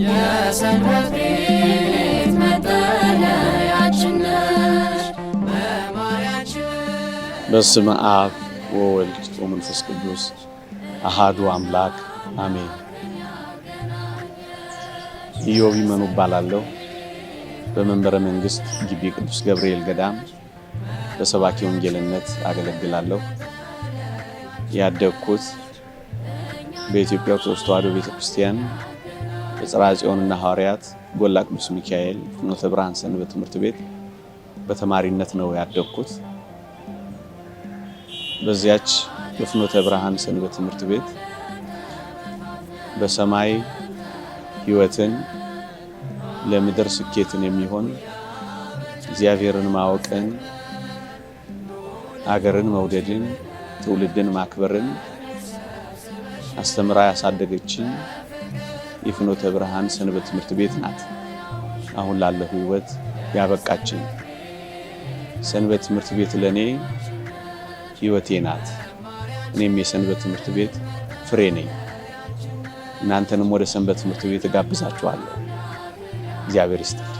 በስመ አብ ወወልድ ወመንፈስ ቅዱስ አሃዱ አምላክ አሜን። ኢዮብ ይመኑ እባላለሁ። በመንበረ መንግስት ግቢ ቅዱስ ገብርኤል ገዳም በሰባኪ ወንጌልነት አገለግላለሁ። ያደግኩት በኢትዮጵያ ኦርቶዶክስ ተዋሕዶ ቤተክርስቲያን የጽራ ጽዮንና ሐዋርያት ጎላ ቅዱስ ሚካኤል ፍኖተ ብርሃን ሰንበት ትምህርት ቤት በተማሪነት ነው ያደግኩት። በዚያች በፍኖተ ብርሃን ሰንበት ትምህርት ቤት በሰማይ ሕይወትን ለምድር ስኬትን የሚሆን እግዚአብሔርን ማወቅን፣ አገርን መውደድን፣ ትውልድን ማክበርን አስተምራ ያሳደገችን የፍኖተ ብርሃን ሰንበት ትምህርት ቤት ናት። አሁን ላለሁ ህይወት ያበቃችን ሰንበት ትምህርት ቤት ለእኔ ህይወቴ ናት። እኔም የሰንበት ትምህርት ቤት ፍሬ ነኝ። እናንተንም ወደ ሰንበት ትምህርት ቤት እጋብዛችኋለሁ። እግዚአብሔር ይስጥ።